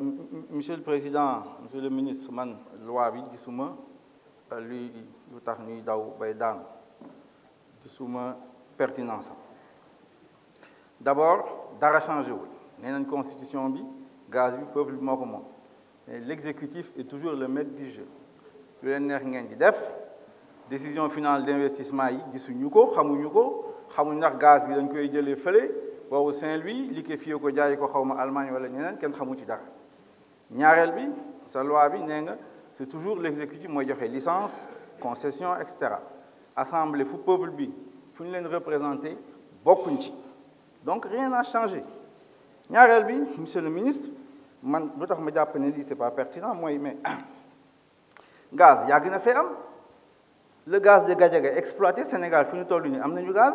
Euh, monsieur le président monsieur le ministre man loi euh, D'abord, lui pertinence d'abord d'arracher un constitution bi gaz peuple l'exécutif est toujours le maître du jeu Le décision finale d'investissement yi gaz bi sein Saint-Louis jaay ko wala ñeneen xamu ci c'est toujours l'exécutif moy joxe licence concession etc assemblée fu peuple bi donc rien n'a changé monsieur le ministre man ma ne c'est pas pertinent mais gaz le gaz de exploité Sénégal gaz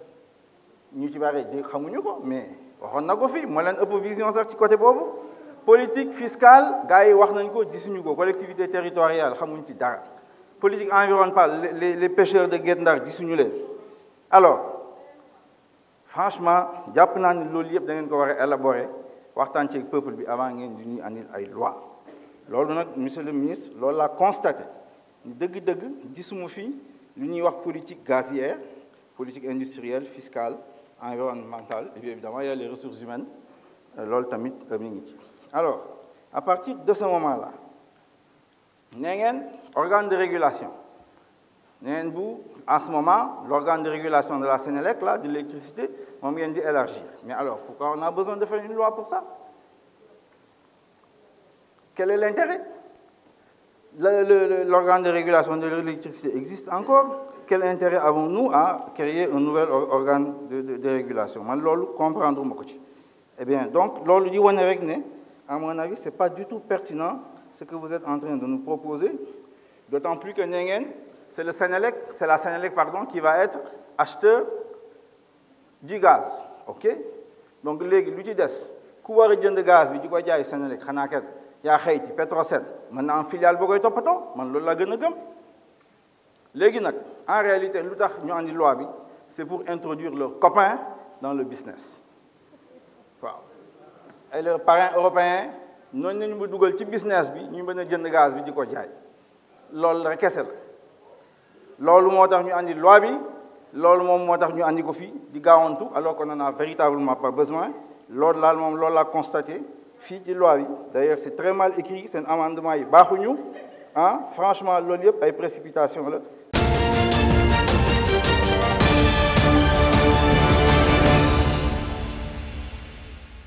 ñu ci bari dégg xamuñu ko mais waxon na ko fii moo leen ëpp vision sax ci côté boobu politique fiscale gars yi wax nañ ko gisuñu ko collectivité territoriale xamuñ ci dara politique environnementale les les pêcheurs de Guet Ndar gisuñu leen alors franchement japp naa ni loolu yëpp da ngeen ko war a élaborer waxtaan ci peuple bi avant ngeen di ñu andil ay loi loolu nag monsieur le ministre loolu laa constaté ñu dëgg-dëgg gisuma fii lu ñuy wax politique gazière politique industrielle fiscale Environnemental, et bien évidemment, il y a les ressources humaines, euh, lol tamit euh, Alors, à partir de ce moment-là, un organe de régulation. à ce moment, l'organe de régulation de la Sénélec, là, de l'électricité, on vient d'élargir. Mais alors, pourquoi on a besoin de faire une loi pour ça Quel est l'intérêt L'organe de régulation de l'électricité existe encore quel intérêt avons-nous à créer un nouvel organe de, de, de régulation Je loolu comprendre eh bien donc ce di à mon avis c'est pas du tout pertinent ce que vous êtes en train de nous proposer d'autant plus que c'est le Sénélec c'est la Sénélec pardon qui va être acheteur du gaz ok donc l'utilité, lu ci gaz, du war a gaz bi y a le Sénélec il y a xëy ci Maintenant, en na filiale boo koy toppatoo man loolu laa léegi nag en réalité lu tax ñu andi loi c'est pour introduire leurs copains dans le business Et leurs parents européens ne nañu dit dugal ci business bi ñu mën jënd gaz bi di ko que loolu rek ce qu'ils loolu fait tax ñu andi loi bi loolu moom moo ñu andi ko di alors qu'on n'en a véritablement pas besoin lors de que loolu l'a constaté fii ci loi d'ailleurs c'est très mal écrit c'est un amendement yi baaxuñu Hein? franchement loolu yëpp ay précipitation